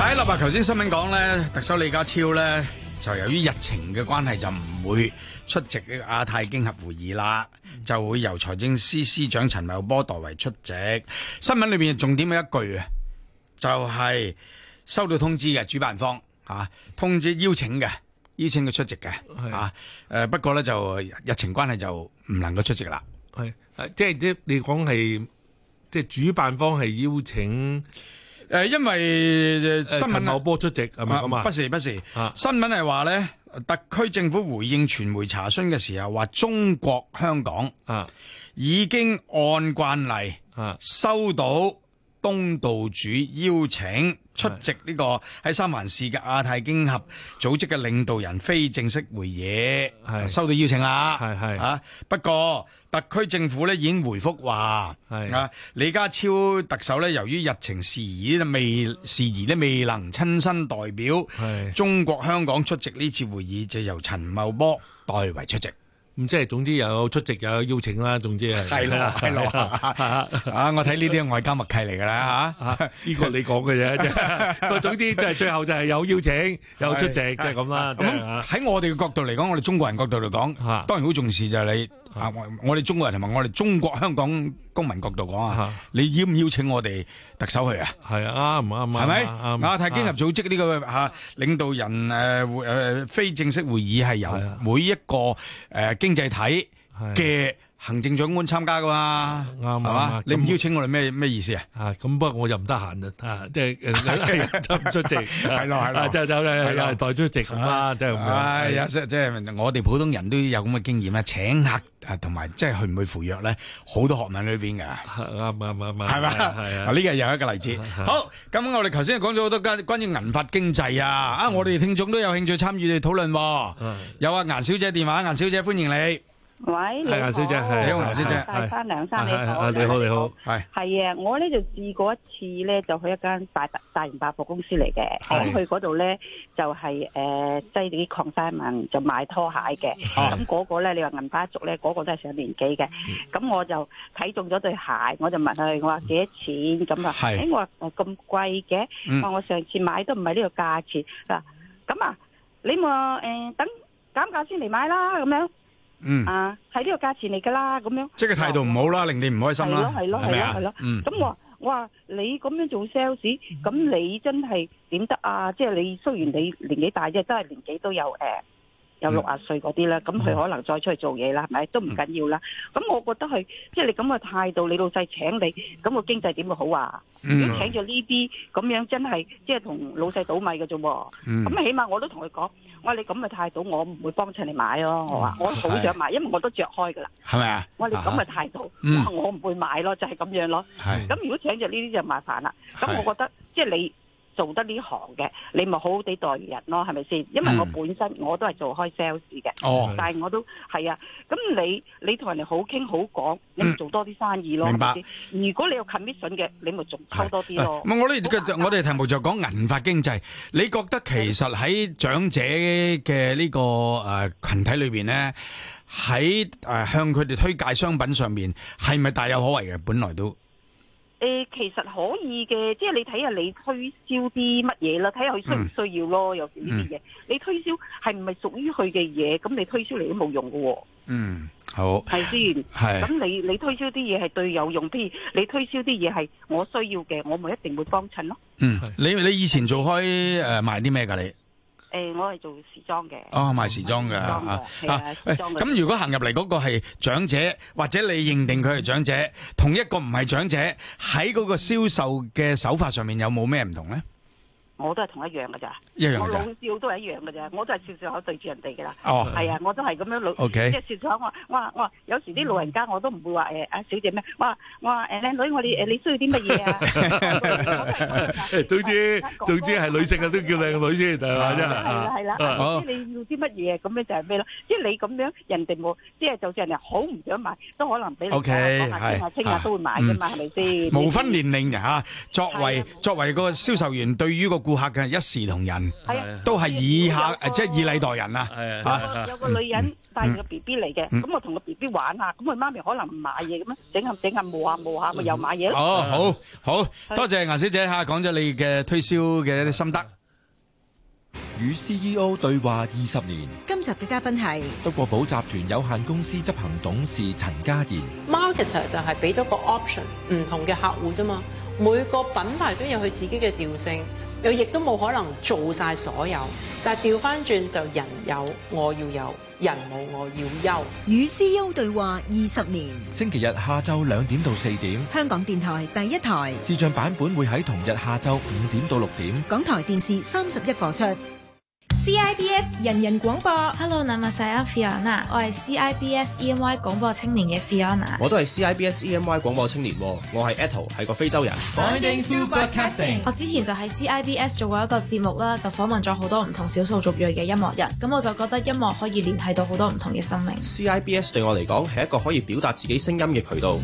喺立白，頭先新聞講咧，特首李家超咧就由於日程嘅關係就唔會出席亞太經合會議啦，就會由財政司司、司長陳茂波代為出席。新聞裏邊重點嘅一句啊，就係、是、收到通知嘅主辦方吓、啊，通知邀請嘅邀請佢出席嘅吓。誒的、啊，不過咧就日程關係就唔能夠出席啦。係即係你講係即係主辦方係邀請。誒，因為誒，陳茂波出席係嘛，啊、是不是不是。啊、新聞係話咧，特區政府回應傳媒查詢嘅時候，話中國香港啊已經按慣例啊收到東道主邀請。出席呢個喺三藩市嘅亞太經合組織嘅領導人非正式會議，係收到邀請啦。係係啊，不過特區政府咧已經回覆話啊，李家超特首咧由於日程事宜咧未事宜咧未能親身代表係中國香港出席呢次會議，就由陳茂波代為出席。咁即係總之有出席有邀請啦，總之係。係啦，係啦。啊，我睇呢啲係外交默契嚟㗎啦嚇。呢個你講嘅啫。個總之就係最後就係有邀請，有出席即係咁啦。咁喺我哋嘅角度嚟講，我哋中國人角度嚟講，當然好重視就係你我哋中國人同埋我哋中國香港公民角度講啊，你邀唔邀請我哋特首去啊？係啊，啱唔啱啊？係咪啱？亞太經合組織呢個嚇領導人誒非正式會議係由每一個誒經經濟體嘅。行政長官參加噶嘛？啱係嘛？你唔邀請我哋咩咩意思啊？啊咁，不過我又唔得閒啊即係代出席，係啦係啦，走走啦，又係代出席啦，就咁。係啊，即係即係我哋普通人都有咁嘅經驗啦。請客啊，同埋即係去唔去赴約咧，好多學問裏邊噶。啱啱啱，係嘛？係啊，呢個又一個例子。好，咁我哋頭先講咗好多關關於銀髮經濟啊，啊，我哋聽眾都有興趣參與討論。有啊，顏小姐電話，顏小姐歡迎你。喂，係啊，小姐，係因為小姐帶翻兩三你好，你好你好係係啊，我咧就試過一次咧，就去一間大大型百貨公司嚟嘅，咁去嗰度咧就係誒，即係啲 c o n n 就買拖鞋嘅，咁嗰個咧你話銀花族咧，嗰個都係上年紀嘅，咁我就睇中咗對鞋，我就問佢，我話幾多錢？咁啊，誒我話咁貴嘅，我我上次買都唔係呢個價錢嗱，咁啊，你冇？誒等減價先嚟買啦，咁樣。嗯啊，係呢個價錢嚟噶啦，咁樣即係個態度唔好啦，嗯、令你唔開心啦，係咪啊？係咯，係咯，係咯，咁我話我話你咁樣做 sales，咁你真係點得啊？即係你雖然你年紀大啫，都係年紀都有誒。呃有六啊歲嗰啲啦，咁佢可能再出去做嘢啦，係咪？都唔緊要啦。咁我覺得係，即係你咁嘅態度，你老細請你，咁個經濟點會好啊？如果請咗呢啲，咁樣真係即係同老細倒米㗎啫喎。咁起碼我都同佢講，我話你咁嘅態度，我唔會幫襯你買咯。我話我好想買，因為我都著開㗎啦。係咪啊？我話你咁嘅態度，我唔會買咯，就係咁樣咯。咁如果請咗呢啲就麻煩啦。咁我覺得，即係你。做得呢行嘅，你咪好好地待人咯，係咪先？因為我本身我都係做開 sales 嘅，但係我都係啊。咁你你同人哋好傾好講，你咪做多啲生意咯。明白。如果你有 commission 嘅，你咪仲抽多啲咯。咁我呢？我哋題目就講銀髮經濟。你覺得其實喺長者嘅呢個誒群體裏邊咧，喺誒向佢哋推介商品上面，係咪大有可為嘅？本來都。誒，其實可以嘅，即係你睇下你推銷啲乜嘢啦，睇下佢需唔需要咯。嗯嗯、有時呢啲嘢，你推銷係唔係屬於佢嘅嘢，咁你推銷嚟都冇用噶。嗯，好，係先然。係是，咁你你推銷啲嘢係對有用譬如，你推銷啲嘢係我需要嘅，我咪一定會幫襯咯。嗯，是你你以前做開誒賣啲咩噶你？誒，我係做時裝嘅。哦，賣時裝噶吓。咁如果行入嚟嗰個係長者，或者你認定佢係長者，同一個唔係長者，喺嗰個銷售嘅手法上面有冇咩唔同呢？我都係同一樣嘅咋，我老笑都係一樣嘅咋。我都係笑笑口對住人哋嘅啦。哦，係啊，我都係咁樣 OK，即係笑笑口。我話我話有時啲老人家我都唔會話誒，阿小姐咩？我話我話誒，靚女，我哋誒，你需要啲乜嘢啊？總之總之係女性嘅都叫靚女先，係咪先？係啦係啦，即係你要啲乜嘢咁樣就係咩咯？即係你咁樣，人哋冇，即係就算人哋好唔想買，都可能俾你。O K 係，聽日都會買嘅嘛，係咪先？無分年齡嘅嚇，作為作為個銷售員對於個。顧客嘅一視同仁，都係以客即係以禮待人啊！啊，有個女人帶住個 B B 嚟嘅，咁我同個 B B 玩啊。咁佢媽咪可能唔買嘢嘅咩？整下整下摸下摸下，咪又買嘢。哦，好好多謝顏小姐嚇，講咗你嘅推銷嘅心得。與 C E O 對話二十年。今集嘅嘉賓係德國寶集團有限公司執行董事陳嘉賢。market 就就係俾多個 option，唔同嘅客戶啫嘛。每個品牌都有佢自己嘅調性。又亦都冇可能做曬所有，但調翻轉就人有我要有，人冇我要優。與 CEO 對話二十年，星期日下晝兩點到四點，香港電台第一台視像版本會喺同日下晝五點到六點，港台電視三十一播出。CIBS 人人廣播，Hello，nama san，Fiona 我係 CIBS E M Y 廣播青年嘅 Fiona，我都係 CIBS E M Y 廣播青年，我係 Ato 係個非洲人。我之前就喺 CIBS 做過一個節目啦，就訪問咗好多唔同少數族裔嘅音樂人，咁我就覺得音樂可以聯繫到好多唔同嘅生命。CIBS 對我嚟講係一個可以表達自己聲音嘅渠道。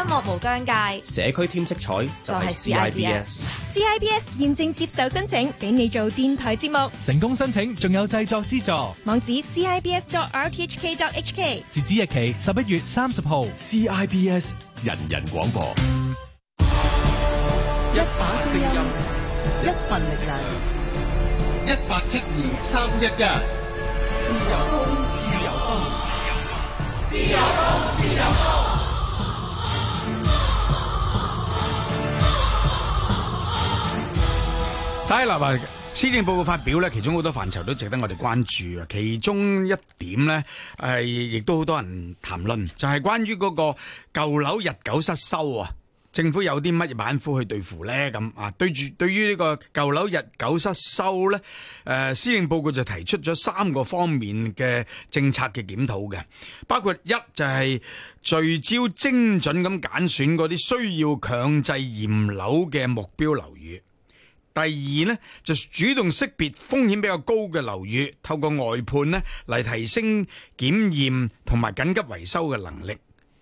音樂無疆界，社區添色彩就係 CIBS。CIBS 現正接受申請，俾你做電台節目。成功申請，仲有製作資助。網址 CIBS.RTHK.HK。截止日期十一月三十號。CIBS 人人廣播，一把聲音，一份力量。一八七二三一一，自由風，自由風，自由風，自由風，自由風。睇嗱，施政報告發表咧，其中好多範疇都值得我哋關注啊。其中一點咧，誒亦都好多人談論，就係關於嗰個舊樓日久失修啊。政府有啲乜嘢板斧去對付咧？咁啊，對住對於呢個舊樓日久失修咧，誒施政報告就提出咗三個方面嘅政策嘅檢討嘅，包括一就係聚焦精準咁揀選嗰啲需要強制驗樓嘅目標樓宇。第二呢就主動識別風險比較高嘅樓宇，透過外判呢嚟提升檢驗同埋緊急維修嘅能力。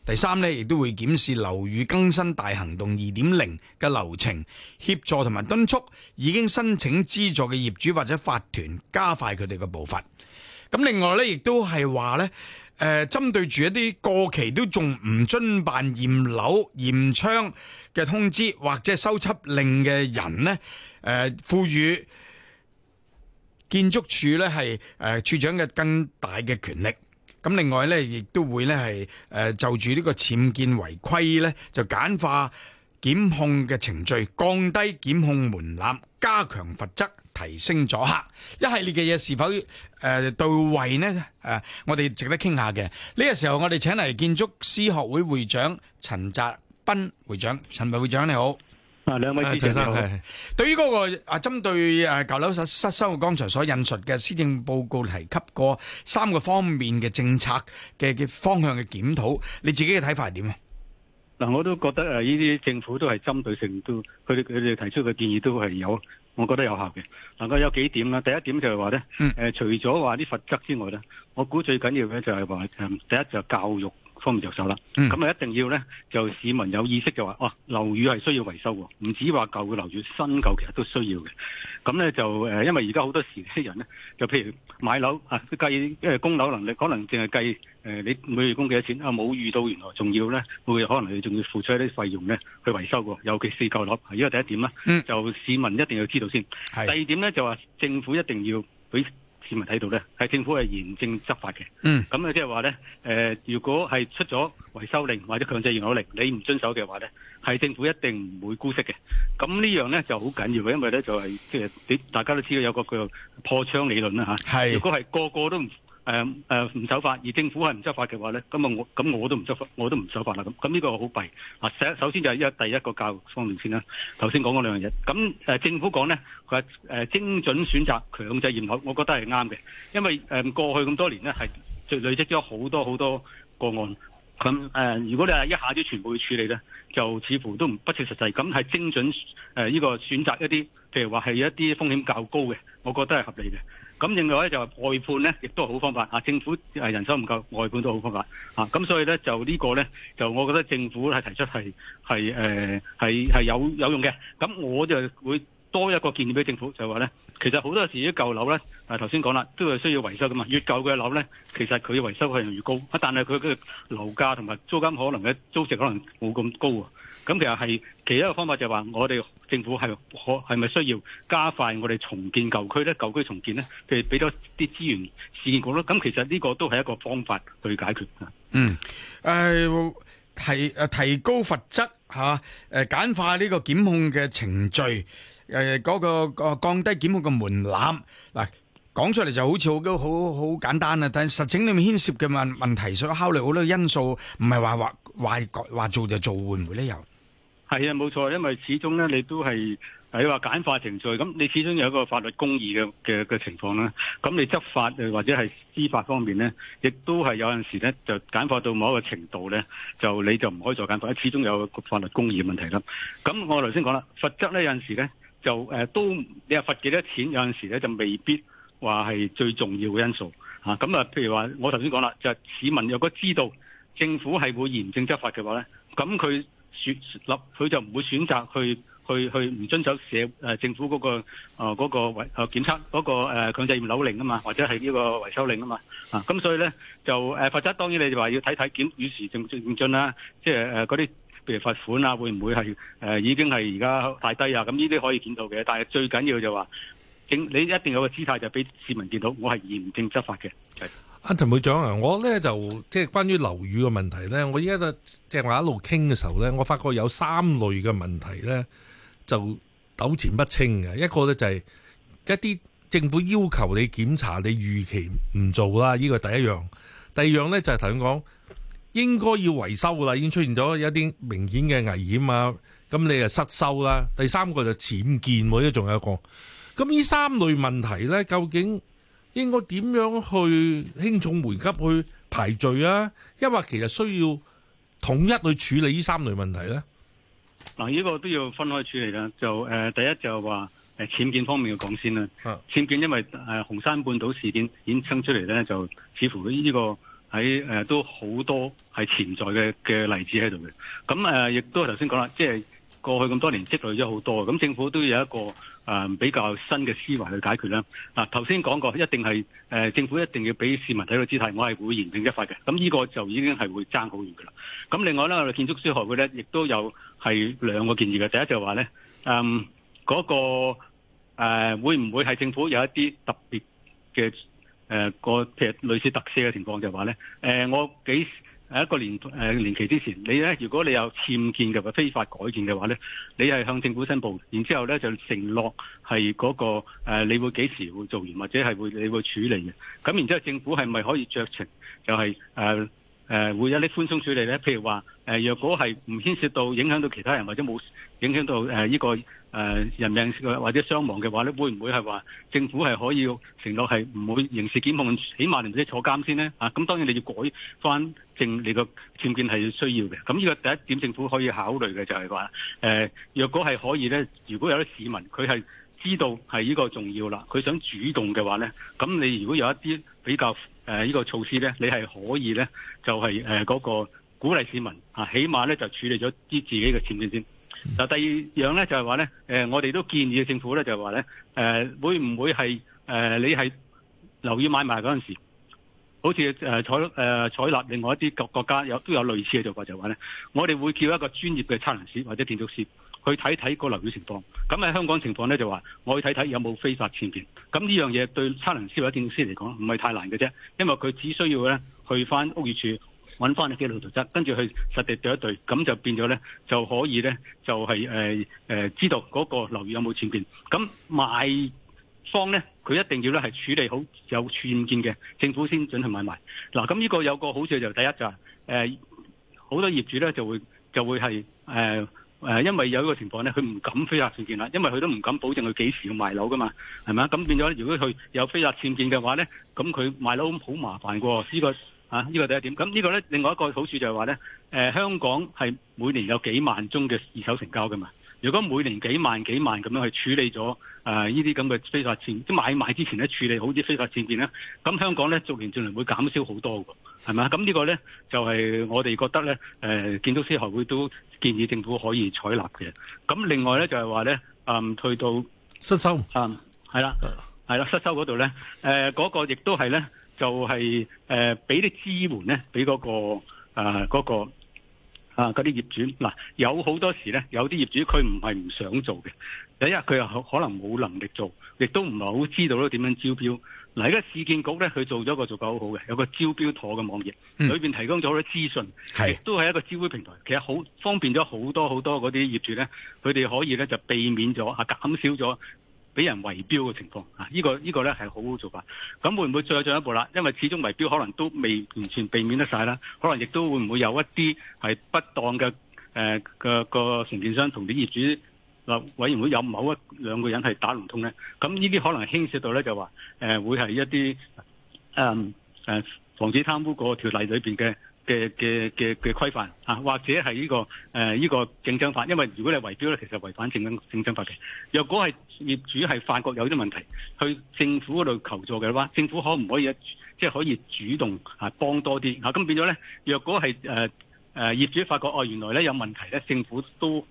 第三呢亦都會檢視樓宇更新大行動二點零嘅流程，協助同埋敦促已經申請資助嘅業主或者法團加快佢哋嘅步伐。咁另外呢亦都係話呢，誒針對住一啲過期都仲唔遵辦驗樓驗窗嘅通知或者修葺令嘅人呢誒賦予建築署呢係誒處長嘅更大嘅權力，咁另外呢，亦都會呢，係誒就住呢個僭建違規呢，就簡化檢控嘅程序，降低檢控門檻，加強罰則，提升阻嚇一系列嘅嘢是否誒到位呢？誒，我哋值得傾下嘅。呢個時候，我哋請嚟建築師學會會長陳澤斌會長，陳會長你好。啊！兩位主持人好。對於嗰個啊，針對誒舊樓失失修嘅剛才所引述嘅施政報告提及過三個方面嘅政策嘅嘅方向嘅檢討，你自己嘅睇法係點啊？嗱，我都覺得誒，呢啲政府都係針對性，都佢哋佢哋提出嘅建議都係有，我覺得有效嘅。能夠有幾點啦？第一點就係話咧，誒，除咗話啲罰則之外咧，我估最緊要嘅就係話誒，第一就係教育。方面着手啦，咁啊、嗯、一定要咧就市民有意識就話，哇、啊、樓宇係需要維修喎，唔止話舊嘅樓宇，新舊其實都需要嘅。咁咧就、呃、因為而家好多時啲人咧，就譬如買樓啊計、呃、供樓能力，可能淨係計、呃、你每月供幾多錢啊，冇預到原來仲要咧，會可能你仲要付出一啲費用咧去維修喎。尤其係舊樓，係呢個第一點呢，嗯、就市民一定要知道先。第二點咧就話政府一定要俾市民睇到咧，係政府係嚴正執法嘅。嗯，咁啊，即係話咧，誒，如果係出咗維修令或者強制驗樓令，你唔遵守嘅話咧，係政府一定唔會姑息嘅。咁呢樣咧就好緊要嘅，因為咧就係即係，大家都知道有個叫破窗理論啦吓。係，如果係個個都唔，唔。誒誒唔守法，而政府係唔執法嘅話咧，咁啊我咁我都唔執法，我都唔守法啦。咁咁呢個好弊啊！首先就係一第一個教育方面先啦。頭先講嗰兩樣嘢，咁、呃、政府講咧，佢係誒精準選擇強制驗樓，我覺得係啱嘅，因為誒、呃、過去咁多年咧係累積咗好多好多個案。咁誒、呃、如果你係一下子全部去處理咧，就似乎都唔不切實際。咁係精準誒呢、呃這個選擇一啲，譬如話係一啲風險較高嘅，我覺得係合理嘅。咁另外咧就係外判咧，亦都係好方法啊！政府誒人手唔夠，外判都好方法啊！咁所以咧就個呢個咧就我覺得政府係提出係係誒係有有用嘅。咁我就會多一個建議俾政府，就係話咧，其實好多時啲舊樓咧，誒頭先講啦，都係需要維修噶嘛。越舊嘅樓咧，其實佢維修費用越高，但係佢嘅樓價同埋租金可能嘅租值可能冇咁高啊。咁其實係其他一個方法就係話，我哋政府係可係咪需要加快我哋重建舊區咧？舊區重建咧，譬如俾多啲資源試驗過咧。咁其實呢個都係一個方法去解決。嗯，誒提誒提高罰則嚇，誒簡化呢個檢控嘅程序，誒嗰個個降低檢控嘅門檻。嗱，講出嚟就好似好都好好簡單啊，但係實踐裡面牽涉嘅問問題，所考慮好多因素，唔係話話話講話做就做，會唔會咧又？係啊，冇錯，因為始終咧，你都係，你話簡化程序，咁你始終有一個法律公義嘅嘅嘅情況啦。咁你執法或者係司法方面咧，亦都係有陣時咧，就簡化到某一個程度咧，就你就唔可以再簡化，始終有個法律公義嘅問題啦。咁我頭先講啦，罰則咧有陣時咧，就誒都你話罰幾多錢，有陣時咧就未必話係最重要嘅因素吓。咁啊，譬如話我頭先講啦，就係市民如果知道政府係會嚴正執法嘅話咧，咁佢。選立佢就唔會選擇去去去唔遵守社誒政府嗰、嗰個誒嗰、呃嗰個維啊檢測嗰個強制驗樓令啊嘛，或者係呢個維修令嘛啊嘛啊，咁所以咧就誒罰則當然你就話要睇睇檢與時政進進、啊、啦，即係誒嗰啲譬如罰款啊會唔會係誒、啊、已經係而家太低啊？咁呢啲可以檢討嘅，但係最緊要就話警你一定有個姿態就俾市民見到我係嚴正執法嘅。阿陳會長啊，我咧就即係關於樓宇嘅問題咧，我依家就即係話一路傾嘅時候咧，我發覺有三類嘅問題咧，就糾纏不清嘅。一個咧就係、是、一啲政府要求你檢查，你預期唔做啦，呢個第一樣。第二樣咧就係頭先講應該要維修嘅啦，已經出現咗一啲明顯嘅危險啊，咁你又失修啦。第三個就僭建喎，啲仲有一個。咁呢三類問題咧，究竟，應該點樣去輕重緩急去排序啊？因為其實需要統一去處理呢三類問題咧。嗱，呢個都要分開處理啦。就誒、呃，第一就係話誒僭建方面嘅講先啦。僭、啊、建因為誒、呃、紅山半島事件衍生出嚟咧，就似乎呢個喺誒、呃、都好多係潛在嘅嘅例子喺度嘅。咁誒亦都頭先講啦，即、就、係、是、過去咁多年積累咗好多，咁政府都要有一個。啊，比較新嘅思維去解決啦。嗱、啊，頭先講過，一定係誒、呃、政府一定要俾市民睇到姿態，我係會嚴正執法嘅。咁呢個就已經係會爭好遠噶啦。咁另外咧，建築師學會咧，亦都有係兩個建議嘅。第一就係話咧，嗯，嗰、那個誒、呃、會唔會係政府有一啲特別嘅誒個譬如類似特赦嘅情況就係話咧，誒、就是呃，我幾時。喺一個年誒年期之前，你咧如果你有僭建嘅或非法改建嘅話咧，你係向政府申報，然之後咧就承諾係嗰、那個、呃、你會幾時會做完或者係會你會處理嘅。咁然之後政府係咪可以酌情就係、是、誒？呃誒、呃、會有啲寬鬆處理咧，譬如話誒、呃，若果係唔牽涉到影響到其他人或者冇影響到誒依個誒人命或者傷亡嘅話咧，會唔會係話政府係可以承諾係唔會刑事檢控，起碼你唔使坐監先咧？咁、啊嗯、當然你要改翻正，你個僭建係需要嘅。咁、嗯、呢、這個第一點，政府可以考慮嘅就係話誒，若果係可以咧，如果有啲市民佢係。知道係呢個重要啦，佢想主動嘅話咧，咁你如果有一啲比較誒依、呃這個措施咧，你係可以咧，就係誒嗰個鼓勵市民啊，起碼咧就處理咗啲自己嘅僭建先。嗱，第二樣咧就係話咧，誒、呃、我哋都建議政府咧就係話咧，誒、呃、會唔會係誒、呃、你係留意買賣嗰陣時，好似誒採誒採納另外一啲國國家有都有類似嘅做法就係話咧，我哋會叫一個專業嘅測量師或者建築師。去睇睇個樓宇情況，咁喺香港情況咧就話，我去睇睇有冇非法僭建，咁呢樣嘢對測量師、建築師嚟講唔係太難嘅啫，因為佢只需要咧去翻屋宇署搵翻啲記錄圖則，跟住去實地對一對，咁就變咗咧就可以咧就係、是、誒、呃、知道嗰個樓宇有冇僭建，咁買方咧佢一定要咧係處理好有僭建嘅政府先準去買賣。嗱，咁呢個有個好處就是、第一就係、是、好、呃、多業主咧就會就會係誒、呃，因為有一個情況咧，佢唔敢非法僭建啦，因為佢都唔敢保證佢幾時要賣樓噶嘛，係咪啊？咁變咗，如果佢有非法僭建嘅話咧，咁佢賣樓好麻煩喎。呢個啊，呢、呢個第一點。咁呢個咧，另外一個好處就係話咧，誒、呃、香港係每年有幾萬宗嘅二手成交噶嘛。如果每年幾萬幾萬咁樣去處理咗啊呢啲咁嘅非法僭，即買賣之前咧處理好啲非法僭建咧，咁香港咧逐年逐年會減少好多㗎。係嘛？咁呢個咧就係、是、我哋覺得咧，誒、呃、建築師學會都建議政府可以採納嘅。咁另外咧就係話咧，嗯，去到失修，嗯，係啦，係啦，失修嗰度咧，誒，嗰個亦都係咧，就係誒俾啲支援咧，俾嗰個啊嗰個啊嗰啲業主。嗱，有好多時咧，有啲業主佢唔係唔想做嘅，第一佢又可能冇能力做，亦都唔係好知道咧點樣招標。嗱，而家市建局咧，佢做咗個做得好好嘅，有個招標妥嘅網頁，裏面提供咗好多資訊，亦都係一個招標平台。其實好方便咗好多好多嗰啲業主咧，佢哋可以咧就避免咗啊，減少咗俾人圍標嘅情況。啊，呢個呢個咧係好好做法。咁會唔會再進一步啦？因為始終圍標可能都未完全避免得晒啦，可能亦都會唔會有一啲係不當嘅誒嘅個承建商同啲業主。嗱，委員會有某一兩個人係打唔通咧，咁呢啲可能牽涉到咧就話，誒、呃、會係一啲誒、嗯呃、防止貪污個條例裏面嘅嘅嘅嘅嘅規範啊，或者係呢、這個誒呢、呃這個競爭法，因為如果你違標咧，其實違反競爭競爭法嘅。若果係業主係發覺有啲問題，去政府嗰度求助嘅話，政府可唔可以即係、就是、可以主動嚇幫多啲？嚇、啊、咁變咗咧，若果係誒誒業主發覺哦原來咧有問題咧，政府都。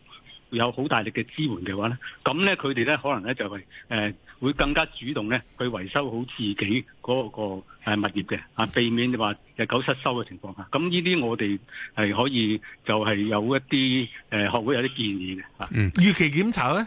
有好大力嘅支援嘅話咧，咁咧佢哋咧可能咧就係誒會更加主動咧去維修好自己嗰個物業嘅，啊避免話日久失修嘅情況下。咁呢啲我哋係可以就係有一啲誒學會有啲建議嘅。嗯，預期檢查咧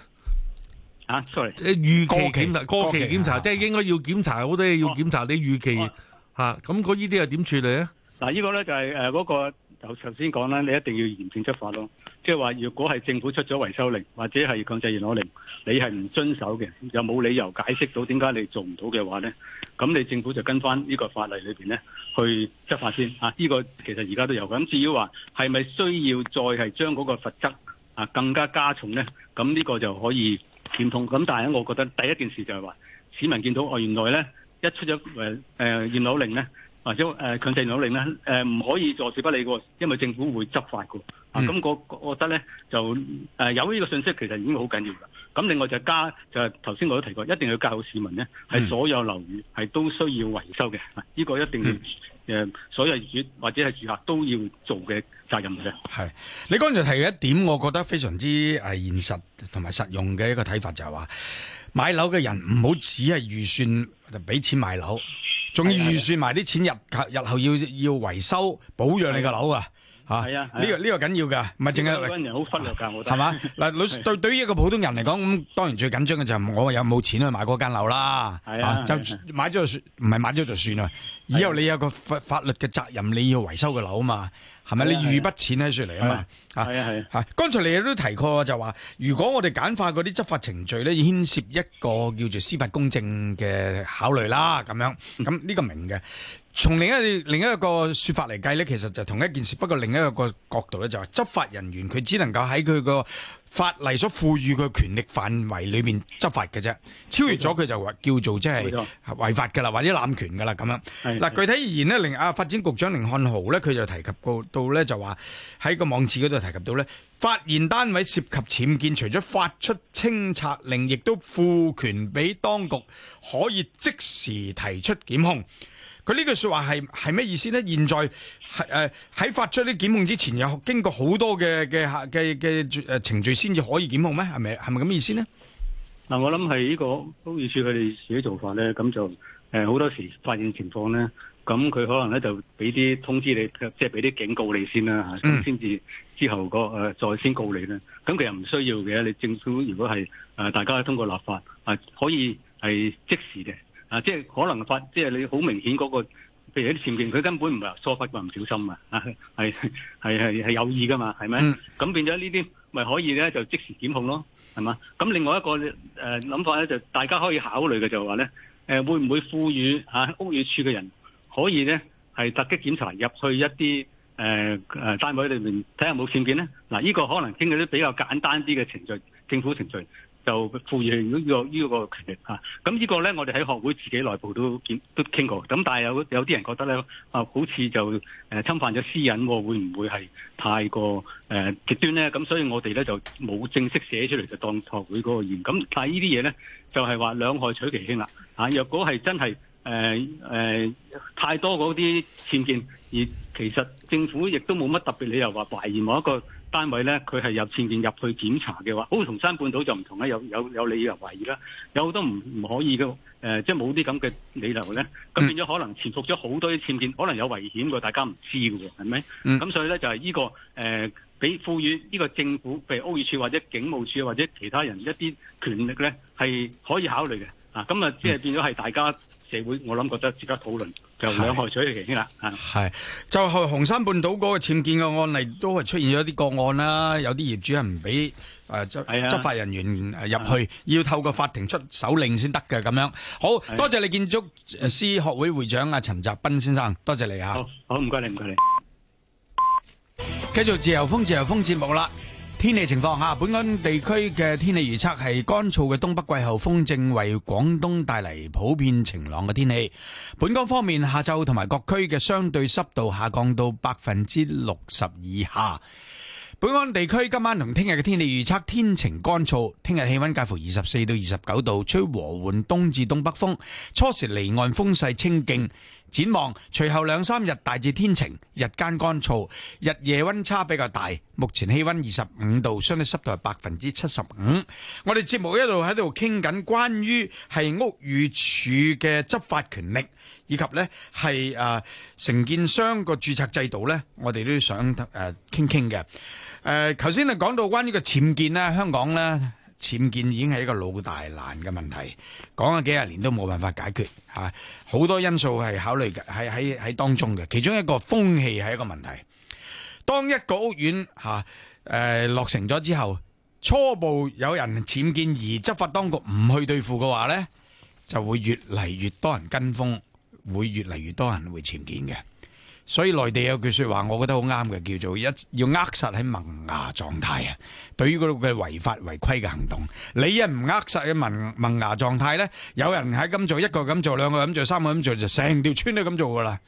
嚇，Sorry，即係預期檢查、過期檢查，即係應該要檢查好多嘢要檢查。啊、你預期嚇咁嗰呢啲又點處理呢啊？嗱，呢個咧就係誒嗰、嗰個。就頭先講啦，你一定要嚴正執法咯。即係話，如果係政府出咗維修令或者係強制驗樓令，你係唔遵守嘅，又冇理由解釋到點解你做唔到嘅話呢。咁你政府就跟翻呢個法例裏面呢去執法先啊呢、呢個其實而家都有咁。至於話係咪需要再係將嗰個罰則啊更加加重呢？咁呢個就可以檢討。咁但係我覺得第一件事就係話市民見到哦，原來呢一出咗誒誒驗樓令呢。或者誒強制驗樓令咧，誒唔可以坐視不理嘅，因為政府會執法嘅。咁、嗯啊那個、我覺得咧，就誒有呢個信息其實已經好緊要嘅。咁另外就係加，就係頭先我都提過，一定要教市民咧，係所有樓宇係都需要維修嘅。呢、嗯、個一定要誒、呃、所有業主或者係住客都要做嘅責任嘅。係你剛才提嘅一點，我覺得非常之誒、呃、現實同埋實用嘅一個睇法就，就係話買樓嘅人唔好只係預算就俾錢買樓，仲要預算埋啲錢入，日後要要維修保養你個樓啊！吓，係啊，呢、這個呢、這個緊要噶，唔係淨係，好忽略噶，係嘛吧？嗱， 老對對於一個普通人嚟講，咁當然最緊張嘅就係我有冇錢去買嗰間樓啦，係呀啊，就買咗，唔係買咗就算啦。以後你有個法法律嘅責任，你要維修個樓嘛，係咪？你預筆錢喺出嚟啊嘛，係啊係啊。吓，剛才你亦都提過就話，如果我哋簡化嗰啲執法程序咧，牽涉一個叫做司法公正嘅考慮啦，咁樣，咁、這、呢個明嘅。從另一個另一個說法嚟計呢，其實就同一件事，不過另一個角度呢，就話執法人員佢只能夠喺佢個法例所賦予佢嘅權力範圍裏面執法嘅啫，超越咗佢就話叫做即係違法噶啦，或者濫權噶啦咁樣。嗱的，具體而言呢，凌啊發展局長甯漢豪呢，佢就提及到到呢就話喺個網址嗰度提及到呢，發現單位涉及僭建，除咗發出清拆令，亦都賦權俾當局可以即時提出檢控。佢呢句說話係係咩意思咧？現在係喺、呃、發出啲檢控之前，有經過好多嘅嘅嘅嘅誒程序先至可以檢控咩？係咪係咪咁意思咧？嗱、呢個，我諗係呢個高院處佢哋自己做法咧，咁就誒好、呃、多時發現情況咧，咁佢可能咧就俾啲通知你，即係俾啲警告你先啦吓先至之後個誒再先告你呢。咁其實唔需要嘅，你政府如果係誒、呃、大家通過立法，呃、可以係即時嘅。啊，即係可能發，即係你好明顯嗰個，譬如一啲僭建，佢根本唔係疏忽，話唔小心啊，係係係有意噶嘛，係咪？咁變咗呢啲，咪可以咧就即時檢控咯，係嘛？咁另外一個誒諗法咧，就大家可以考慮嘅就係話咧，會唔會賦予啊屋宇署嘅人可以咧係突擊檢查入去一啲誒誒單位裏面睇下冇僭建咧？嗱，呢個可能經過啲比較簡單啲嘅程序，政府程序。就賦予呢、這個呢、這個權力嚇，咁呢個咧，我哋喺學會自己內部都見都傾過，咁但係有有啲人覺得咧，啊，好似就誒侵犯咗私隱，會唔會係太過誒極端咧？咁所以我哋咧就冇正式寫出嚟，就當學會嗰個意見。咁但係呢啲嘢咧，就係話兩害取其輕啦嚇。若果係真係誒誒太多嗰啲僭建，而其實政府亦都冇乜特別理由話懷疑某一個。單位咧，佢係有僭建入去檢查嘅話，好同山半島就唔同啦，有有有理由懷疑啦，有好多唔唔可以嘅誒、呃，即係冇啲咁嘅理由咧，咁變咗可能潛伏咗好多啲僭建，可能有危險喎，大家唔知嘅喎，係咪？咁、嗯、所以咧就係呢、呢個誒，俾賦予呢個政府，譬如屋宇署或者警務處或者其他人一啲權力咧，係可以考慮嘅啊，咁啊，即係變咗係大家社會，我諗覺得值得討論。就兩害取其輕啦。係是就去紅山半島嗰個僭建嘅案例，都係出現咗啲個案啦。有啲業主係唔俾誒執執法人員入去，啊、要透過法庭出手令先得嘅咁樣。好、啊、多謝你，建築師學會會長阿陳澤斌先生，多謝你吓、啊。好，唔該你，唔該你。繼續自由風自由風節目啦。天氣情況吓，本港地區嘅天氣預測係乾燥嘅東北季候風正為廣東帶嚟普遍晴朗嘅天氣。本港方面，下晝同埋各區嘅相對濕度下降到百分之六十以下。本港地區今晚同聽日嘅天氣預測，天晴乾燥，聽日氣溫介乎二十四到二十九度，吹和緩東至東北風，初時離岸風勢清勁。展望隨後兩三日大致天晴，日間乾燥，日夜溫差比較大。目前氣溫二十五度，相對濕度係百分之七十五。我哋節目一路喺度傾緊關於係屋宇署嘅執法權力，以及呢係誒承建商個註冊制度呢，我哋都想誒傾傾嘅。誒、呃，頭先啊講到關於個僭建呢，香港呢。僭建已經係一個老大難嘅問題，講咗幾廿年都冇辦法解決。嚇，好多因素係考慮嘅，喺喺喺當中嘅。其中一個風氣係一個問題。當一個屋苑嚇誒、呃、落成咗之後，初步有人僭建而執法當局唔去對付嘅話呢，就會越嚟越多人跟風，會越嚟越多人會僭建嘅。所以內地有句說話，我覺得好啱嘅，叫做一要扼殺喺萌芽狀態啊！對於嗰個嘅違法違規嘅行動，你一唔扼殺喺萌萌芽狀態咧，有人喺咁做一個咁做兩個咁做三個咁做，就成條村都咁做㗎啦。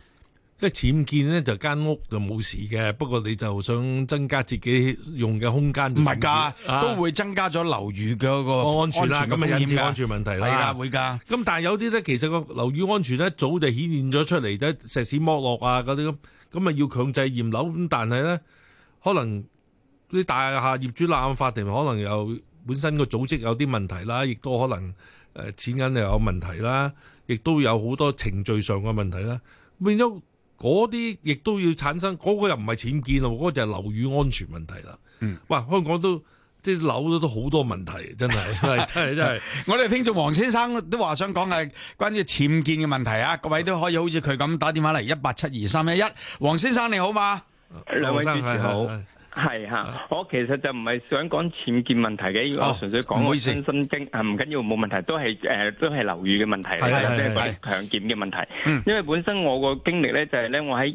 即係僭建咧，就間屋就冇事嘅。不過你就想增加自己用嘅空間，唔係㗎，啊、都會增加咗樓宇嘅嗰個安全啦。咁啊，引致安全問題啦。係啦會㗎。咁但係有啲咧，其實個樓宇安全咧，早就顯現咗出嚟，啲石屎剝落啊，嗰啲咁。咁啊，要強制驗樓。咁但係咧，可能啲大廈業主立案法庭，可能又本身個組織有啲問題啦，亦都可能誒、呃、錢銀又有問題啦，亦都有好多程序上嘅問題啦，變咗。嗰啲亦都要產生，嗰、那個又唔係僭建喎，嗰、那個就樓宇安全問題啦。嗯、哇，香港都啲、就是、樓都好多問題，真係 真係真係 我哋聽眾黃先生都話想講係關於僭建嘅問題啊，各位都可以好似佢咁打電話嚟一八七二三一一。黃先生你好嘛？兩位主持人好。係吓，我其實就唔係想講僭建問題嘅，我純粹講我身心經、哦、不啊，唔緊要冇問題，都係誒、呃、都係樓宇嘅問題，即係強建嘅問題。因為本身我個經歷咧就係咧，我喺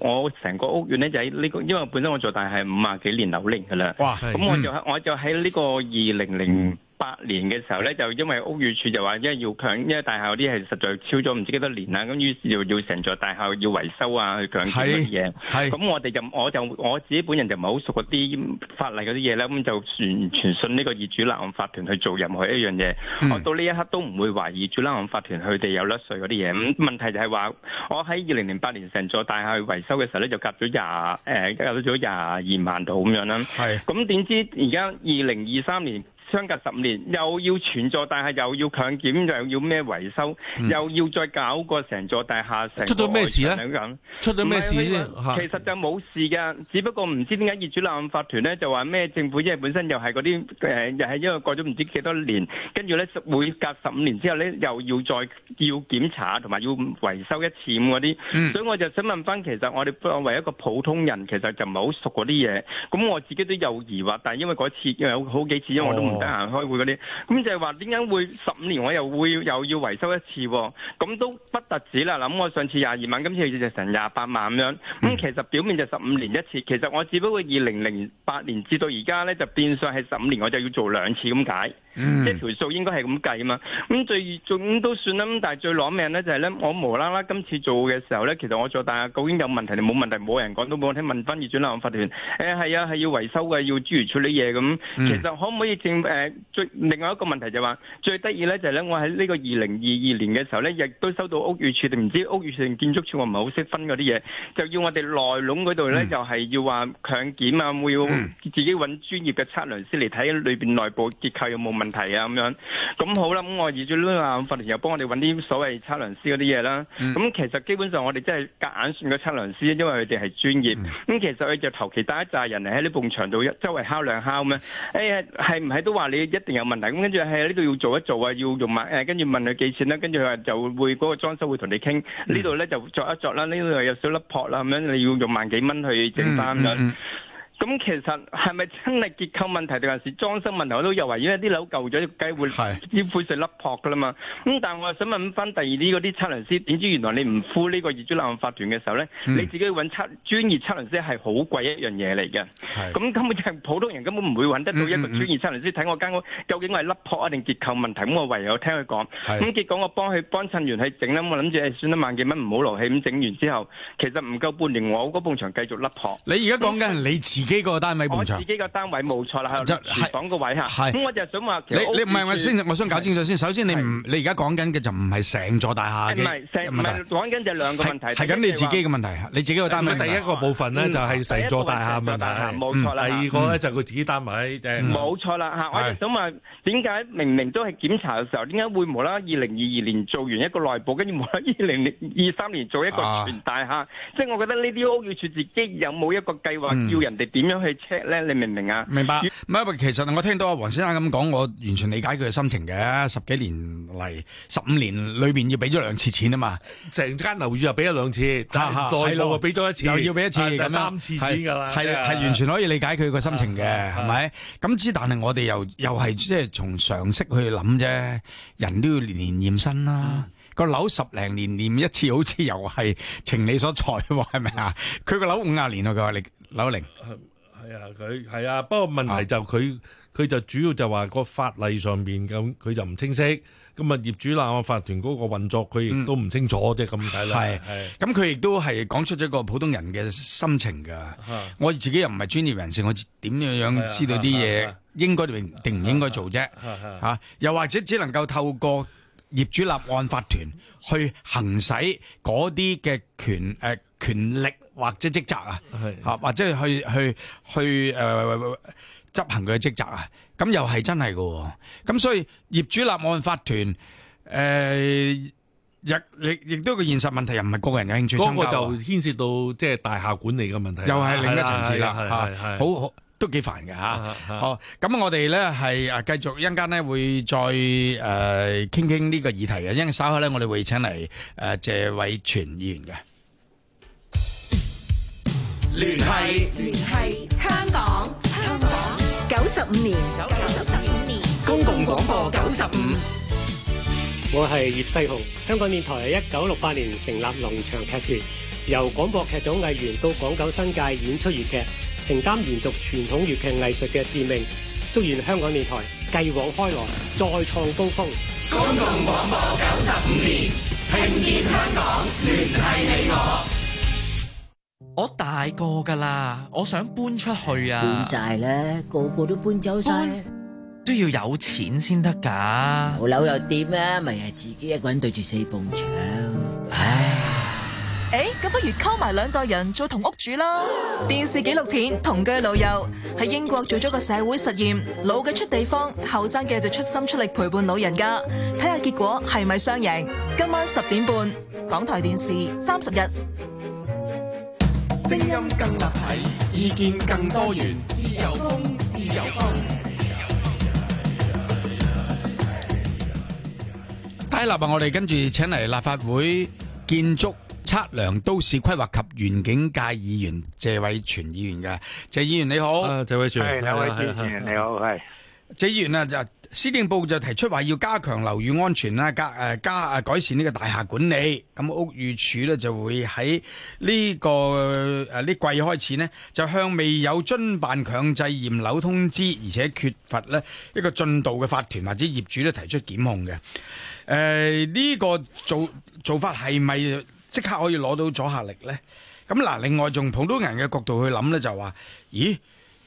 二，我成個屋苑咧就喺呢、這個，因為本身我做大係五啊幾年樓齡噶啦，咁我就、嗯、我就喺呢個二零零八年嘅時候咧，就因為屋宇署就話，因為要強，因為大廈嗰啲係實在超咗唔知幾多年啦，咁於是要要成座大廈要維修啊，去僭建嗰啲嘢。係，係。咁我哋就我就我自己本人就唔係好熟嗰啲法例嗰啲嘢咧，咁就全全信呢個業主立案法團去做任何一樣嘢。嗯。我到呢一刻都唔會懷疑業主立案法團佢哋有甩稅嗰啲嘢。咁問題就係話，我喺二零零八年成座大廈去維修嘅時候咧，就夾咗廿誒夾咗廿二萬度咁樣啦。咁點是知而家二零二三年？相隔十五年又要全座大廈，但係又要強檢，又要咩維修，又要再搞過成座大廈成出咗咩事咧？出咗咩事先？其實就冇事噶，只不過唔知點解業主立案法團咧就話咩政府，因為本身又係嗰啲誒，又係因為過咗唔知幾多年，跟住咧每隔十五年之後咧又要再要檢查同埋要維修一次咁嗰啲，所以我就想問翻，其實我哋作為一個普通人，其實就唔係好熟嗰啲嘢，咁我自己都有疑惑，但係因為嗰次因為好幾次，因為我都唔。行開會嗰啲，咁就係話點解會十五年我又會又要維修一次喎，啊？咁都不特止啦，諗我上次廿二萬，今次就成廿八萬咁樣。咁、嗯、其實表面就十五年一次，其實我只不過二零零八年至到而家呢，就變相係十五年我就要做兩次咁解。即係條數應該係咁計啊嘛，咁最總都算啦。咁但係最攞命咧就係咧，我無啦啦今次做嘅時候咧，其實我做大，大係究竟有問題定冇問題，冇人講都冇聽問翻業主立案法團。誒係啊，係、嗯、要維修嘅，要諸如處理嘢咁。其實可唔可以正誒、呃？最另外一個問題就係話，最得意咧就係咧，我喺呢個二零二二年嘅時候咧，亦都收到屋宇署定唔知屋宇署定建築署，我唔係好識分嗰啲嘢，就要我哋內籠嗰度咧，嗯、就係要話強檢啊，我要自己揾專業嘅測量師嚟睇裏邊內部結構有冇問題。問題啊，咁樣，咁好啦，咁我二轉呢啊，訓練又幫我哋揾啲所謂測量師嗰啲嘢啦。咁其實基本上我哋真係夾硬算個測量師，因為佢哋係專業。咁其實佢就求其帶一紮人嚟喺呢埲牆度一周圍敲兩敲咩。哎呀，係唔係都話你一定有問題？咁跟住喺呢度要做一做啊，要用萬誒跟住問佢幾錢啦。跟住佢話就會嗰個裝修會同你傾。呢度咧就作一作啦，呢度有少粒破啦，咁樣你要用萬幾蚊去整翻咁。咁其實係咪真係結構問題定還是裝修問題我有？我都又懷疑，因為啲樓舊咗，啲雞會啲灰水甩破噶啦嘛。咁是但係我又想問返第二啲，嗰啲測量師點知？原來你唔敷呢個業主立案法團嘅時候咧，嗯、你自己揾測專業測量師係好貴一樣嘢嚟嘅。咁是根本就係普通人根本唔會揾得到一個專業測量師睇、嗯嗯嗯、我間屋究竟係甩破啊，定結構問題。咁我唯有聽佢講。咁是結果我幫佢幫襯完去整啦。我諗住誒，算得萬幾蚊，唔好勞氣。咁整完之後，其實唔夠半年，我嗰埲牆繼續甩破。你而家講緊係你自自己個單位冇錯，自己個單位冇錯啦，廚房個位嚇。咁我就想話，你你唔係我先，我想搞清楚先。首先你唔，你而家講緊嘅就唔係成座大廈嘅問題，講緊就兩個問題。係咁，你自己嘅問題嚇，你自己個單位。第一個部分咧就係成座大廈嘅問題，第二個咧就佢自己單位。冇錯啦嚇，我就想問點解明明都係檢查嘅時候，點解會無啦？二零二二年做完一個內部，跟住無啦？二零二三年做一個全大廈，即係我覺得呢啲屋要住自己有冇一個計劃叫人哋？點樣去 check 咧？你明唔明啊？明白。咁啊，其實我聽到阿黃先生咁講，我完全理解佢嘅心情嘅。十幾年嚟，十五年裏面要俾咗兩次錢啊嘛。成間樓宇又俾咗兩次，但係再過俾多一次，又要俾一次，三次錢㗎啦。係完全可以理解佢個心情嘅，係咪？咁之，但係我哋又又係即係從常識去諗啫。人都要年年驗身啦。個樓十零年驗一次，好似又係情理所在喎，係咪啊？佢個樓五啊年喎，佢話你樓齡係啊，佢係啊，不過問題就佢佢就主要就話個法例上面咁，佢就唔清晰。咁啊，業主立案法團嗰個運作，佢亦都唔清楚即係，咁睇啦。係係，咁佢亦都係講出咗個普通人嘅心情㗎。我自己又唔係專業人士，我點樣樣知道啲嘢應該定定唔應該做啫？吓，又或者只能夠透過業主立案法團去行使嗰啲嘅權誒權力。或者職責啊，嚇或者去去去誒執行佢嘅職責啊，咁又係真係㗎，咁所以業主立案法團誒亦亦亦都一個現實問題，又唔係個人有興趣相關。嗰個就牽涉到即係大廈管理嘅問題，又係另一層次啦，係係，好好都幾煩嘅嚇。哦，咁我哋咧係啊，繼續一陣間咧會再誒傾傾呢個議題嘅，因為稍後咧我哋會請嚟誒謝偉銓議員嘅。聯繫聯繫，香港，香港，九十五年，九十五年公共廣播九十五，我係葉世雄，香港電台係一九六八年成立龍翔劇團，由廣播劇組藝員到港九新界演出粵劇，承擔延續傳統粵劇藝術嘅使命，祝願香港電台繼往開來，再創高峰。公共廣播九十五年，聽見香港，聯繫你我。我大個噶啦，我想搬出去啊！搬晒咧，個個都搬走晒，都要有錢先得噶。冇樓又點啊？咪係自己一個人對住四埲牆。唉，誒，咁不如溝埋兩代人做同屋主囉。電視紀錄片《同居老友》喺英國做咗個社會實驗，老嘅出地方，後生嘅就出心出力陪伴老人家，睇下結果係咪雙贏？今晚十點半，港台電視三十日。聲音更立體，意見更多元，自由風，自由風，自由風。第一立啊，我哋跟住請嚟立法會建築、測量、都市規劃及園境界議員謝偉銓議員嘅，謝議員你好，謝偉銓係，謝偉銓議員你好，係。謝議員啊就。施政部就提出話要加強樓宇安全啦，加誒加誒改善呢個大廈管理。咁屋宇署咧就會喺呢、這個誒呢、這個、季開始呢就向未有遵辦強制驗樓通知，而且缺乏呢一個進度嘅法團或者業主咧提出檢控嘅。誒、呃、呢、這個做做法係咪即刻可以攞到阻吓力呢？咁嗱，另外仲普通人嘅角度去諗呢，就話咦？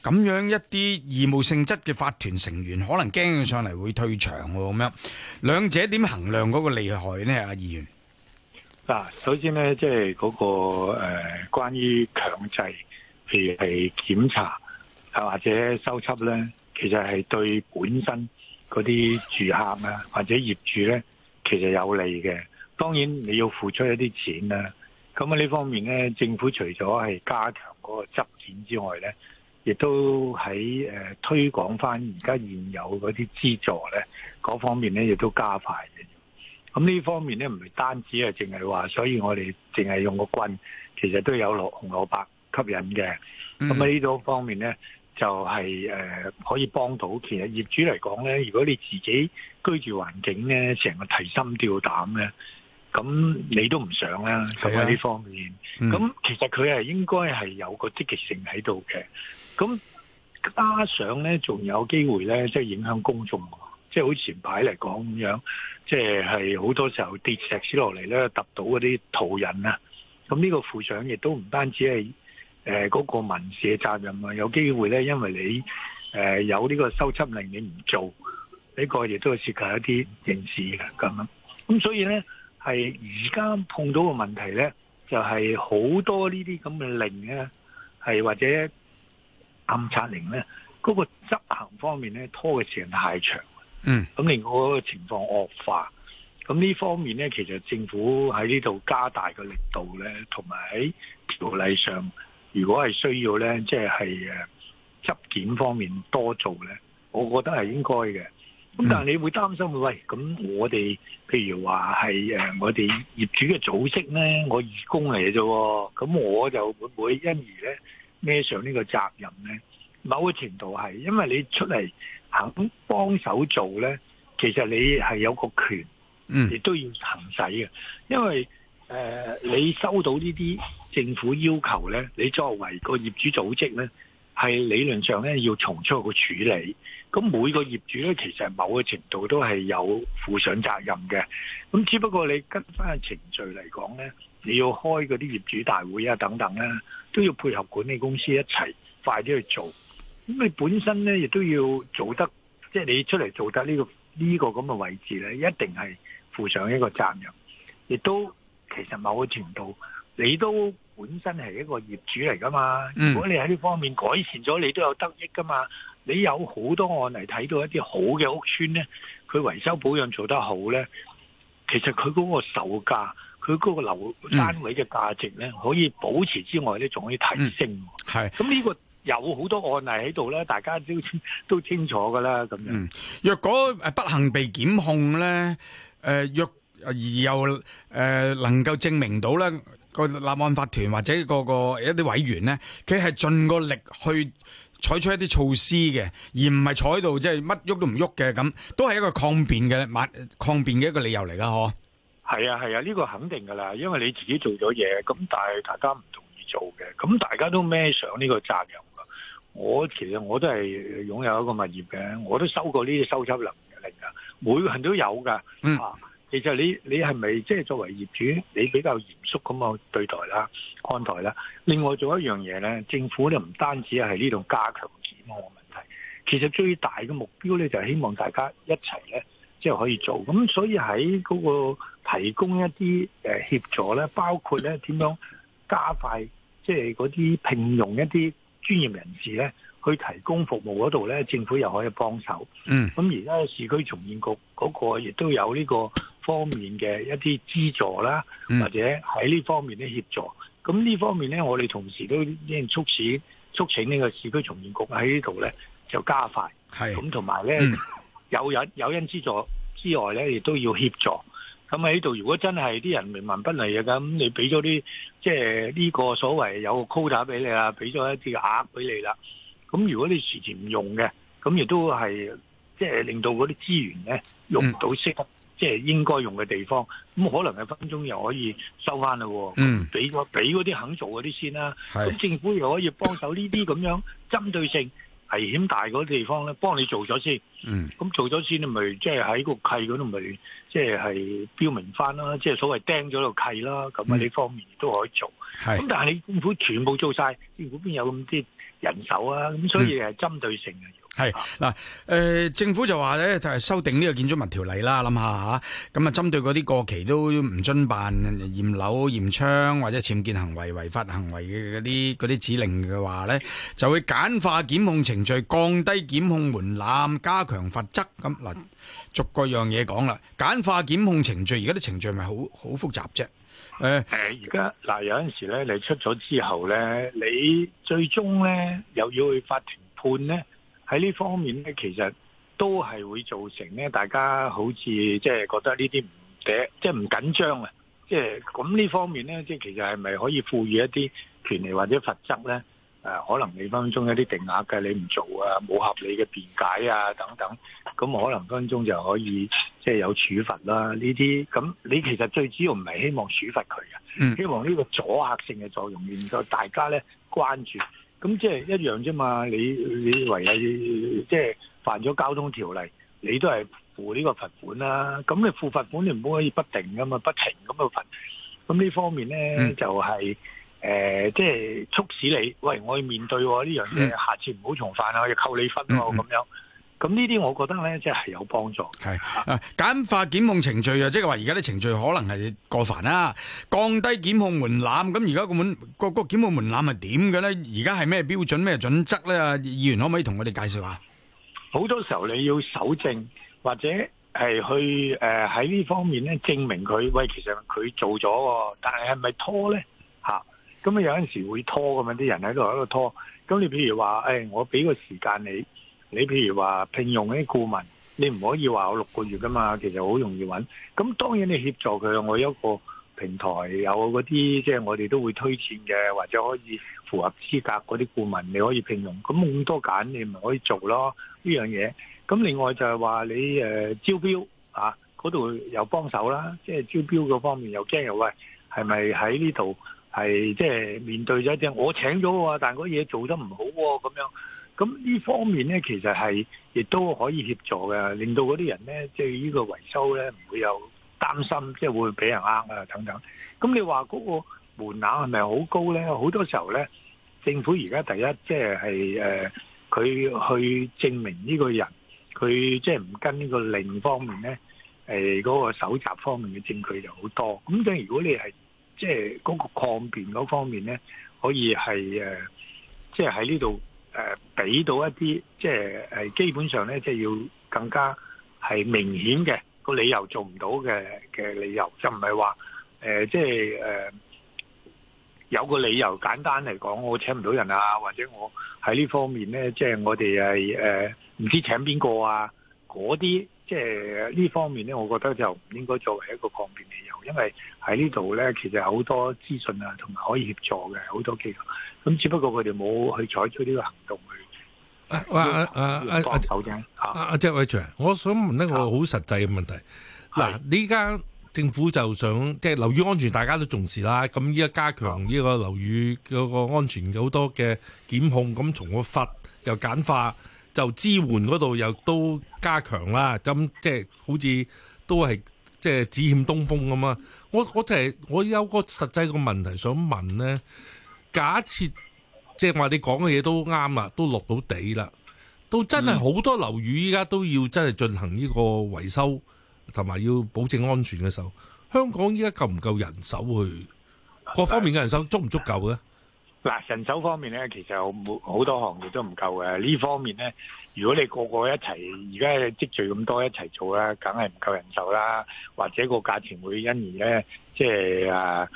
咁樣一啲義務性質嘅法團成員，可能驚上嚟會退場喎，咁樣兩者點衡量嗰個利害呢？阿議員嗱、啊，首先呢，即係嗰個誒、呃、關於強制，譬如係檢查啊或者修葺呢，其實係對本身嗰啲住客啊或者業主呢，其實有利嘅。當然你要付出一啲錢啦、啊。咁啊呢方面呢，政府除咗係加強嗰個執檢之外呢，亦都喺誒推廣返而家現有嗰啲資助咧，嗰方面咧亦都加快嘅。咁呢方面咧唔係單止係淨係話，所以我哋淨係用個棍，其實都有蘿紅蘿蔔吸引嘅。咁啊呢度方面咧，就係、是、誒、呃、可以幫到。其實業主嚟講咧，如果你自己居住環境咧成個提心吊膽咧，咁你都唔想啦。咁喺呢方面，咁、嗯、其實佢係應該係有個積極性喺度嘅。咁加上咧，仲有機會咧，即係影響公眾、啊，即係好似前排嚟講咁樣，即係好多時候跌石屎落嚟咧，揼到嗰啲途人啊。咁呢個附上亦都唔單止係誒嗰個民事嘅責任啊，有機會咧，因為你誒、呃、有呢個修葺令你做，你唔做呢個亦都涉及一啲刑事嘅咁樣。咁所以咧，係而家碰到嘅問題咧，就係、是、好多這這呢啲咁嘅令咧，係或者。暗察令咧，嗰、那個執行方面咧，拖嘅時間太長，嗯，咁令我個情況惡化，咁呢方面咧，其實政府喺呢度加大個力度咧，同埋喺條例上，如果係需要咧，即係誒執檢方面多做咧，我覺得係應該嘅。咁但係你會擔心，嗯、喂，咁我哋譬如話係誒我哋業主嘅組織咧，我義工嚟嘅啫，咁我就會唔會因而咧？孭上呢個責任呢，某個程度係，因為你出嚟肯幫手做呢，其實你係有個權，嗯，亦都要行使嘅。因為誒、呃，你收到呢啲政府要求呢，你作為個業主組織呢，係理論上呢要重出一個處理。咁每個業主呢，其實某個程度都係有負上責任嘅。咁只不過你跟翻個程序嚟講呢。你要開嗰啲業主大會啊，等等咧，都要配合管理公司一齊快啲去做。咁你本身咧，亦都要做得，即係你出嚟做得呢個呢個咁嘅位置咧，一定係負上一個責任。亦都其實某個程度，你都本身係一個業主嚟㗎嘛。如果你喺呢方面改善咗，你都有得益㗎嘛。你有好多案例睇到一啲好嘅屋邨咧，佢維修保養做得好咧，其實佢嗰個售價。佢嗰個樓單位嘅價值咧，可以保持之外咧，仲可以提升。係咁呢個有好多案例喺度咧，大家都都清楚噶啦。咁樣若果不幸被檢控咧，誒若而又誒能夠證明到咧，個立案法團或者個個一啲委員咧，佢係盡個力去採取一啲措施嘅，而唔係坐喺度即係乜喐都唔喐嘅咁，都係一個抗辯嘅抗辯嘅一個理由嚟㗎，呵。係啊，係啊，呢個肯定噶啦，因為你自己做咗嘢，咁但係大家唔同意做嘅，咁大家都孭上呢個責任噶。我其實我都係擁有一個物業嘅，我都收過呢啲收鈔能力噶，每個人都有噶，嗯啊。其實你你係咪即係作為業主，你比較嚴肅咁樣對待啦，看待啦？另外做一樣嘢咧，政府咧唔單止係呢度加強檢控嘅問題，其實最大嘅目標咧就係希望大家一齊咧。即係可以做，咁所以喺嗰個提供一啲誒協助咧，包括咧點樣加快，即係嗰啲聘用一啲專業人士咧，去提供服務嗰度咧，政府又可以幫手。嗯，咁而家市區重建局嗰個亦都有呢個方面嘅一啲資助啦，或者喺呢方面咧協助。咁呢方面咧，我哋同時都已經促使促請呢個市區重建局喺呢度咧就加快。係，咁同埋咧。有人有恩之助之外咧，亦都要協助。咁喺度，如果真係啲人名聞不嚟嘅，咁你俾咗啲即係呢個所謂有個 quota 俾你啦，俾咗一啲額俾你啦。咁如果你事前唔用嘅，咁亦都係即係令到嗰啲資源咧用唔到，適合即係，嗯、應該用嘅地方。咁可能係分鐘又可以收返啦，啊。嗯，俾俾嗰啲肯做嗰啲先啦，啊。咁是政府又可以幫手呢啲咁樣針對性。危險大嗰啲地方咧，幫你做咗先。嗯，咁做咗先，你咪即係喺個契嗰度咪即係標明翻啦，即係所謂釘咗個契啦。咁啊、嗯，呢方面都可以做。咁是但係你政府全部做晒？如果邊有咁啲人手啊？咁所以係針對性嘅。嗯係嗱，誒，政府就話咧，就係修訂呢個建築物條例啦。諗下吓，咁啊，針對嗰啲過期都唔遵辦驗樓、驗窗或者僭建行為、違法行為嘅嗰啲嗰啲指令嘅話咧，就會簡化檢控程序，降低檢控門檻，加強罰則。咁嗱，逐個樣嘢講啦。簡化檢控程序，而家啲程序咪好好複雜啫。誒誒，而家嗱有陣時咧，你出咗之後咧，你最終咧又要去法庭判咧。喺呢方面咧，其實都係會造成咧，大家好似即係覺得呢啲唔嗲，即係唔緊張啊！即係咁呢方面咧，即係其實係咪可以賦予一啲權利或者罰則咧？誒、啊，可能你分分鐘一啲定額嘅，你唔做啊，冇合理嘅辯解啊，等等，咁可能分分鐘就可以即係、就是、有處罰啦。呢啲咁，那你其實最主要唔係希望處罰佢嘅，希望呢個阻嚇性嘅作用，令到大家咧關注，咁即係一樣啫嘛，你你唯有即係犯咗交通條例，你都係付呢個罰款啦、啊。咁你付罰款你唔好可以不停噶嘛，不停咁去罰。咁呢方面咧就係、是呃、即係促使你，喂，我要面對喎呢樣嘢，下次唔好重犯啊，我要扣你分喎、啊、咁、嗯、哼樣。咁呢啲，我覺得咧，即、就、係、是、有幫助。係啊，簡化檢控程序啊，即係話而家啲程序可能係過繁啦、啊，降低檢控門檻。咁而家個門、那個、檢控門檻係點嘅咧？而家係咩標準、咩準則咧？議員可唔可以同我哋介紹下？好多時候你要搜證，或者係去喺呢、呃、方面咧證明佢喂，其實佢做咗，但係係咪拖咧？嚇、啊！咁啊有陣時會拖咁樣啲人喺度喺度拖。咁你譬如話，誒、哎、我俾個時間你。你譬如話聘用啲顧問，你唔可以話我六個月㗎嘛？其實好容易揾。咁當然你協助佢，我一個平台有嗰啲即係我哋都會推薦嘅，或者可以符合資格嗰啲顧問你可以聘用。咁咁多揀，你咪可以做咯呢樣嘢。咁另外就係話你誒、呃、招標啊，嗰度有幫手啦，即、就、係、是、招標嗰方面又驚又喂，係咪喺呢度係即係面對咗一隻我請咗嘅、啊、但係嗰嘢做得唔好咁、啊、樣。咁呢方面咧，其實係亦都可以協助嘅，令到嗰啲人咧，即係呢個維修咧，唔會有擔心，即係會俾人呃啊等等。咁你話嗰個門檻係咪好高咧？好多時候咧，政府而家第一即係係誒，佢去證明呢個人，佢即係唔跟呢個另一方面咧，嗰個蒐集方面嘅證據就好多。咁即係如果你係即係嗰個抗辯嗰方面咧，可以係即係喺呢度。誒俾到一啲即係誒基本上咧，即係要更加係明顯嘅個理由做唔到嘅嘅理由，就唔係話誒即係誒有個理由簡單嚟講，我請唔到人啊，或者我喺呢方面咧，即係我哋係誒唔知請邊個啊嗰啲。即係呢方面咧，我覺得就唔應該作為一個抗辯理由，因為喺呢度咧，其實好多資訊啊，同埋可以協助嘅好多機構，咁只不過佢哋冇去採取呢個行動去。啊啊阿阿阿阿，我想問一個好實際嘅問題。嗱、啊，依家、啊、政府就想即係樓宇安全，大家都重視啦。咁依家加強呢個樓宇安全好多嘅檢控，咁從個法又簡化。就支援嗰度又都加強啦，咁即係好似都係即係只欠東風咁嘛。我我就係我有個實際個問題想問呢：假設即係話你講嘅嘢都啱啦，都落到地啦，都真係好多樓宇依家都要真係進行呢個維修同埋要保證安全嘅時候，香港依家夠唔夠人手去各方面嘅人手足唔足夠呢？嗱，人手方面咧，其實好多行業都唔夠嘅。呢方面咧，如果你個個一齊，而家積聚咁多一齊做啦，梗係唔夠人手啦，或者個價錢會因而咧，即係啊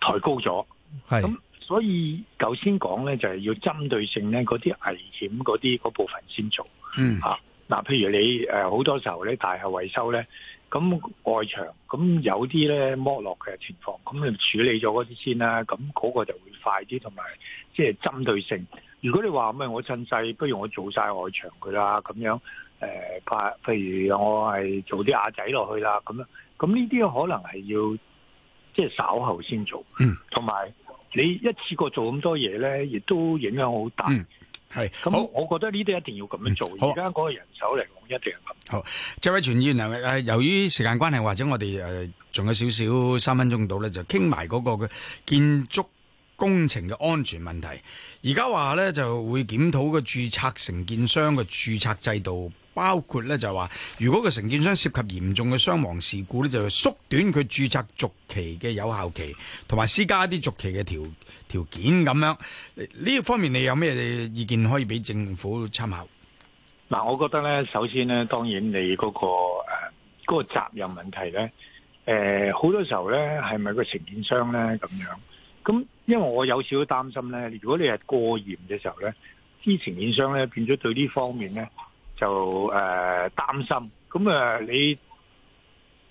抬高咗。咁係，所以舊先講咧，就係要針對性咧，嗰啲危險嗰啲嗰部分先做。嗯啊，嗱，譬如你誒好多時候咧，大學維修咧。咁外牆，咁有啲咧剝落嘅情況，咁你處理咗嗰啲先啦，咁嗰個就會快啲同埋即係針對性。如果你話咩我趁勢，不如我做晒外牆佢啦，咁樣誒、呃，譬如我係做啲阿仔落去啦，咁樣，咁呢啲可能係要即係、就是、稍後先做，嗯，同埋你一次過做咁多嘢咧，亦都影響好大。嗯係，咁我覺得呢啲一定要咁樣做。而家嗰個人手嚟講，好一定係咁。好，即係謝偉銓議員，由於時間關係，或者我哋仲、呃、有少少三分鐘到咧，就傾埋嗰個嘅建築工程嘅安全問題。而家話咧就會檢討個註冊承建商嘅註冊制度。包括咧就係話，如果個承建商涉及嚴重嘅傷亡事故咧，就縮短佢註冊續期嘅有效期，同埋施加一啲續期嘅條條件咁樣。呢個方面你有咩意見可以俾政府參考？嗱，我覺得咧，首先咧，當然你嗰、嗰個誒、呃嗰個責任問題咧，誒、呃、好多時候咧係咪個承建商咧咁樣？咁因為我有少少擔心咧，如果你係過嚴嘅時候咧，啲承建商咧變咗對呢方面咧。就誒擔心，咁你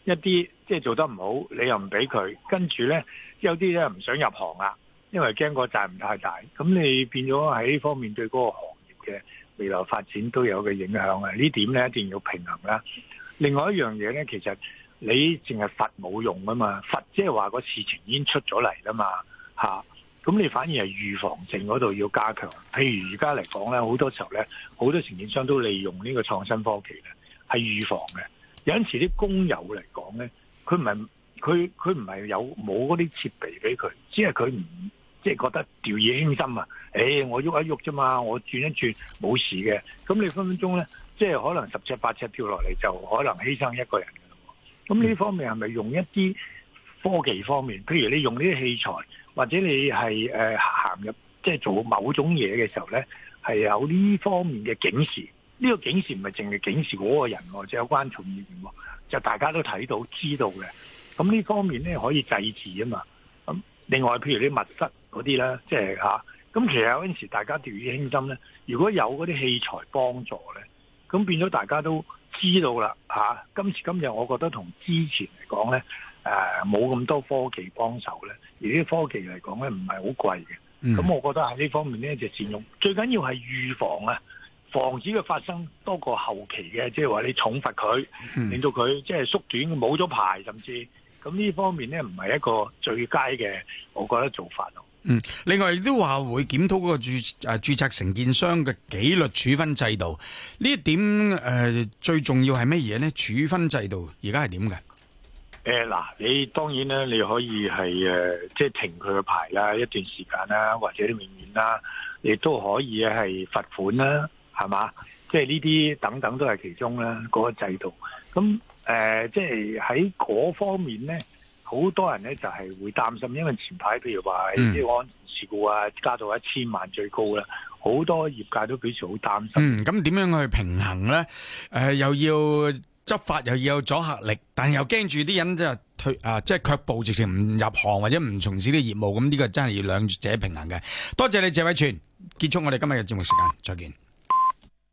一啲即係做得唔好，你又唔俾佢，跟住呢，有啲咧唔想入行啊，因為驚個責任唔太大，咁你變咗喺呢方面對嗰個行業嘅未來發展都有嘅影響啊！呢點呢一定要平衡啦。另外一樣嘢呢，其實你淨係罰冇用噶嘛，罰即係話個事情已經出咗嚟啦嘛，吓。咁你反而係預防性嗰度要加強，譬如而家嚟講咧，好多時候咧，好多承建商都利用呢個創新科技咧，係預防嘅。有陣時啲工友嚟講咧，佢唔係佢佢唔係有冇嗰啲設備俾佢，只係佢唔即係覺得掉以輕心啊！誒、哎，我喐一喐啫嘛，我轉一轉冇事嘅。咁你分分鐘咧，即、就、係、是、可能十尺八尺跳落嚟就可能犧牲一個人㗎。咁呢方面係咪用一啲科技方面？譬如你用呢啲器材？或者你係、呃、行入即係、就是、做某種嘢嘅時候呢，係有呢方面嘅警示。呢、呢個警示唔係淨係警示嗰個人或者有關重要人就、大家都睇到知道嘅。咁呢方面呢，可以制止啊嘛。咁另外譬如啲密室嗰啲啦，即係吓。咁其實有陣時大家掉以輕心呢，如果有嗰啲器材幫助呢，咁變咗大家都知道啦吓、啊，今時今日，我覺得同之前嚟講呢。誒，冇咁、啊、多科技幫手咧，而啲科技嚟講咧，唔係好貴嘅。咁我覺得喺呢方面咧，就是、善用最緊要係預防啊，防止佢發生多過後期嘅，即係話你重罰佢，嗯、令到佢即係縮短冇咗牌，甚至咁呢方面咧，唔係一個最佳嘅，我覺得做法咯。嗯，另外亦都話會檢討個註誒註冊承建商嘅紀律處分制度呢一點誒、呃，最重要係咩嘢咧？處分制度而家係點嘅？誒，嗱、哎，你當然咧，你可以係誒，即係停佢個牌啦，一段時間啦，或者永遠啦，亦都可以係罰款啦，係嘛？即係呢啲等等都係其中啦，嗰個制度。咁誒、呃，即係喺嗰方面咧，好多人咧就係會擔心，因為前排譬如話即係安全事故啊，加到一千萬最高啦，好多業界都表示好擔心。咁點、嗯、樣去平衡咧？誒、呃，又要。執法又要有阻嚇力，但又驚住啲人即係退啊，即係卻步，直情唔入行或者唔從事啲業務，咁呢個真係要兩者平衡嘅。多謝你謝偉銓，結束我哋今日嘅節目時間，再見。